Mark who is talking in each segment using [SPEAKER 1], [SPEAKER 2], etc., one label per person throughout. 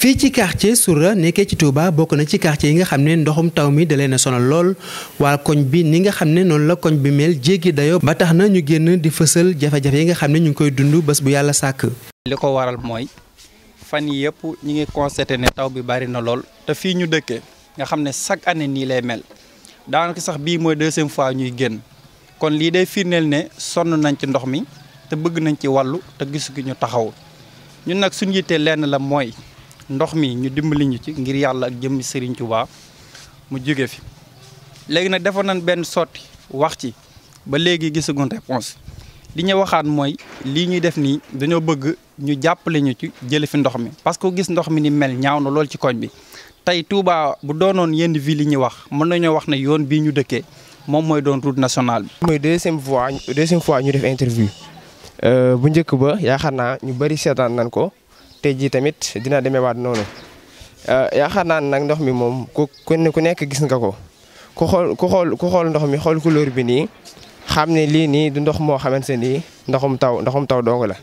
[SPEAKER 1] fii ci quartier Sourah nekkee ci Touba bokk na ci quartier yi nga xam ne ndoxum taw mi da na a sonal lool waa koñ bi ni nga xam ne noonu la koñ bi mel jéggi dayo ba tax na ñu génn di fësal jafe-jafe yi nga xam ne ñu ngi koy dund bés bu yàlla sàkk.
[SPEAKER 2] li ko waral mooy fan yi yëpp ñu ngi constaté ne taw bi bari na lool te fii ñu dëkke nga xam ne chaque année nii lay mel daanaka sax bii mooy deuxième fois ñuy génn kon lii day firndeel ne sonn nañ ci ndox mi te bëgg nañ ci wàllu te gisugi ñu taxaw ñun nag suñu yittee lenn la mooy ndox mi ñu dimbali ñu ci ngir yàlla ak jëmmi Serigne Touba mu jóge fi léegi nag defoon nañ benn sotti wax ci ba léegi gisaguñ réponse li ñu waxaat mooy lii ñuy def nii dañoo bëgg ñu jàppale ñu ci jële fi ndox mi parce que gis ndox mi ni mel ñaaw na lool ci koñ bi tey Touba bu doonoon yenn ville li ñuy wax mën nañoo wax ne yoon bii ñu dëkkee moom mooy doon route nationale bi. mooy deuxième fois deuxième fois ñu def
[SPEAKER 3] interview euh, bu njëkk ba yaakaar naa ñu bari seetaan ko. tey jii tamit dina demewaat noonu euh, yaakaar naa nag ndox mi moom ku ku nekk gis nga ko ku xool ku xool ku xool ndox mi xool couleur bi nii xam ne lii nii du ndox moo xamante ni ndoxum taw ndoxum taw dong la.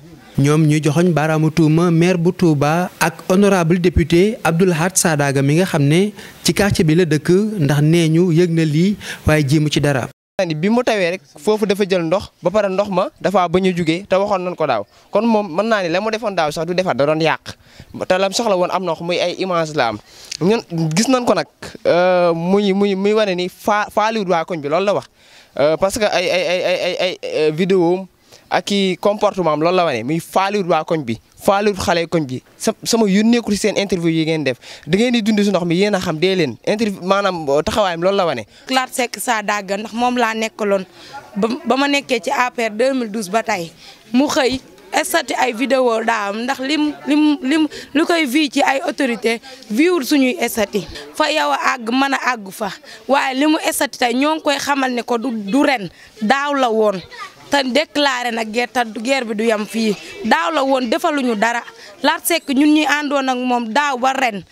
[SPEAKER 1] ñoom ñuy joxoñ baaraamu tuuma maire bu Touba ak honorable député Abdou Lahad Sadaga mi nga xam ne ci quartier bi la dëkk ndax nee ñu yëg na lii waaye jiimu ci dara.
[SPEAKER 3] ni bi mu tawee rek foofu dafa jël ndox ba pare ndox ma dafa ba ñu jugee te waxoon nañ ko daaw kon moom mën naa ni la mu defoon daaw sax du defaat da doon yàq te lam soxla woon am na ko muy ay image la am ñun gis nañ ko nag euh, muy muy muy wane ni faa faaliwut waa koñ bi loolu la wax euh, parce que ay ay ay ay ay euh, vidéo ak kii comportement am loolu la wane muy faaluwut waa koñ bi faaluwut xale koñ bi sa sama yónneeku ci seen interview yi ngeen def da ngeen di dund si ndox mi yéen xam dee leen interview maanaam euh, taxawaayam loolu la wane.
[SPEAKER 4] Claude Seck saa dàgga ndax moom laa nekkaloon ba ba ma nekkee ci APR 2012 ba tey mu xëy. estati ay vidéo daam ndax lim lim lim lu koy vi ci ay autorité viwul suñuy estati fa yow a àgg mën a àgg fa waaye li mu estati tey ñoo ngi koy xamal ne ko du du ren daaw la woon te déclaré nag guerre guerre bi du yem fii daaw la woon ñu dara Lat Seck ñun ñuy àndoon ak moom daaw ba ren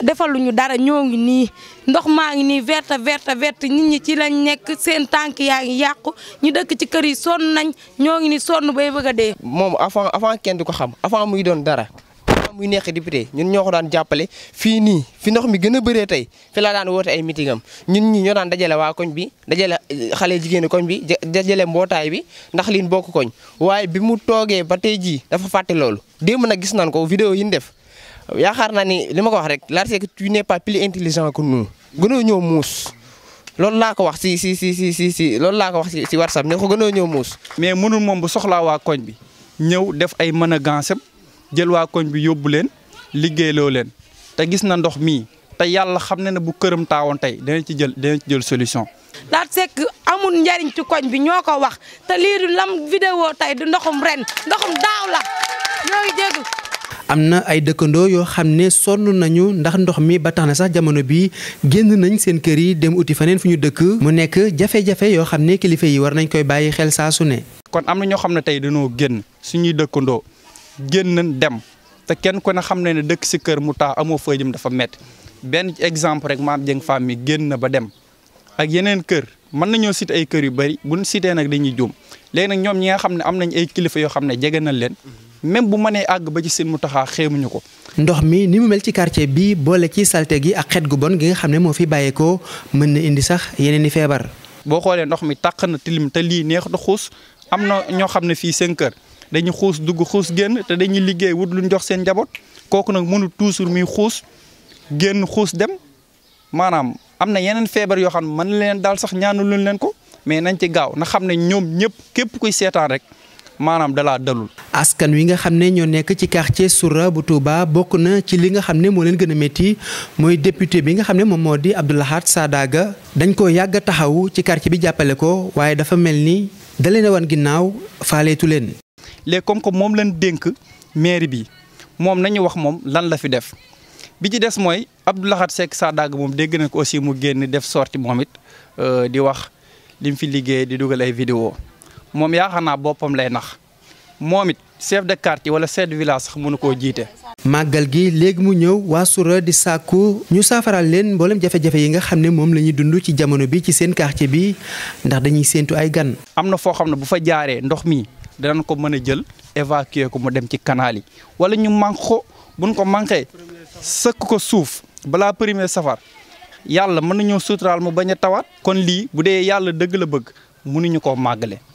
[SPEAKER 4] defaluñu dara ñoo ngi nii ndox maa ngi nii verte verte verte nit ñi ci lañ nekk seen tànk yaa ngi yàqu ñu dëkk ci kër yi sonn nañ ñoo ngi ni sonn bay bëgg a dee.
[SPEAKER 3] moom avant avant kenn du ko xam avant muy doon dara. muy nekk député ñun ñoo ko daan jàppale fii nii fi ndox mi gën a bëree tey fi la daan woote ay meeting ñun ñi ñoo daan dajale waa koñ bi dajale eh, xale jigéenu koñ bi dajale mbootaay bi ndax liin bokk koñ waaye bi mu toogee ba tey jii dafa fàtte loolu démb nag gis nañ ko vidéo yi ñu def yaakaar naa ni li ma ko wax rek l'article tu n'es pas plus intelligent que nous gënoo ñëw muus loolu
[SPEAKER 2] laa ko wax si si si si si si loolu laa ko wax si si WhatsApp ne ko gënoo ñëw muus mais mënul moom bi jël waa koñ bi yóbbu leen liggéeyloo leen te gis na ndox mii te yàlla xam na ne bu këram taawoon tey dana ci jël dana jël solution.
[SPEAKER 4] Laat Seck amul njariñ ci koñ bi ñoo ko wax te lii du lam vidéo tey du ndoxum ren ndoxum daaw la ñoo jégg
[SPEAKER 1] am na ay dëkkandoo yoo xam ne sonn nañu ndax ndox mi ba tax na sax jamono bi génn nañ seen kër yi dem uti faneen fu ñu dëkk. mu nekk jafe-jafe yoo xam ne kilifa yi war nañ koy bàyyi xel saa su ne.
[SPEAKER 2] kon am na ñoo xam ne tey dañoo génn suñuy dëkkandoo. génn dem te kenn ku ne xam ne ne dëkk si kër mu taa amoo foo jëm dafa métti benn exemple rek maam jëng femme mi génn na ba dem ak yeneen kër mën nañoo cité ay kër yu bëri bu ñu cité nag dañuy juum léegi nag ñoom ñi nga xam ne am nañ ay kilifa yoo xam ne jege nañ leen même bu mënee àgg ba ci seen mu taxaa xéemuñu ko. ndox mi ni mu mel
[SPEAKER 1] ci quartier bi boole ci salte gi ak xet gu bon gi nga xam ne moo fi bàyyeekoo mën na indi sax yeneen i feebar.
[SPEAKER 2] boo xoolee ndox mi taq na tilim te lii neex a xuus am na ñoo xam ne fii seen kër. dañu xuus dugg xuus génn te dañuy liggéey wut luñ jox seen njaboot kooku nag mënul toujours muy xuus génn xuus dem maanaam am na yeneen feebar yoo xam ne mën leen daal sax ñaanu luñ leen ko mais nañ ci gaaw na xam ne ñoom ñëpp képp kuy seetaan rek maanaam dalaa dalul.
[SPEAKER 1] askan wi nga xam ne ñoo nekk ci quartier Soura bu Touba bokk na ci li nga xam ne moo leen gën a métti mooy député bi nga xam ne moom moo di Abdou saadaaga dañ ko yàgg taxaw ci quartier bi jàppale ko waaye dafa mel ni da leen a ginnaaw faaleetu leen.
[SPEAKER 2] léegi comme que moom lañ dénk maire bi moom nañu wax moom lan la fi def bi ci des mooy Abdou Lahad sa Sadaga moom dégg nañ ko aussi mu génn def sorti moom it euh, di wax li fi liggéey di dugal ay vidéo moom yaakaar naa boppam lay nax moom it chef de quartier wala chef de sax mënu koo jiite.
[SPEAKER 1] màggal gi léegi mu ñëw waa Soura di sàkku ñu saafaral leen mboolem jafe-jafe yi nga xam ne moom la ñuy dund ci jamono bi ci seen quartier bi ndax dañuy séentu ay gan.
[SPEAKER 2] am na foo xam ne bu fa jaaree ndox mi. danañ ko mën a jël évacuer ko mu dem ci canal yi wala ñu manqué ko buñ ko manqué sëkk ko suuf balaa premier safar yàlla mën nañoo suturaal mu bañ a tawaat kon lii bu dee yàlla dëgg la bëgg mënuñu koo màggale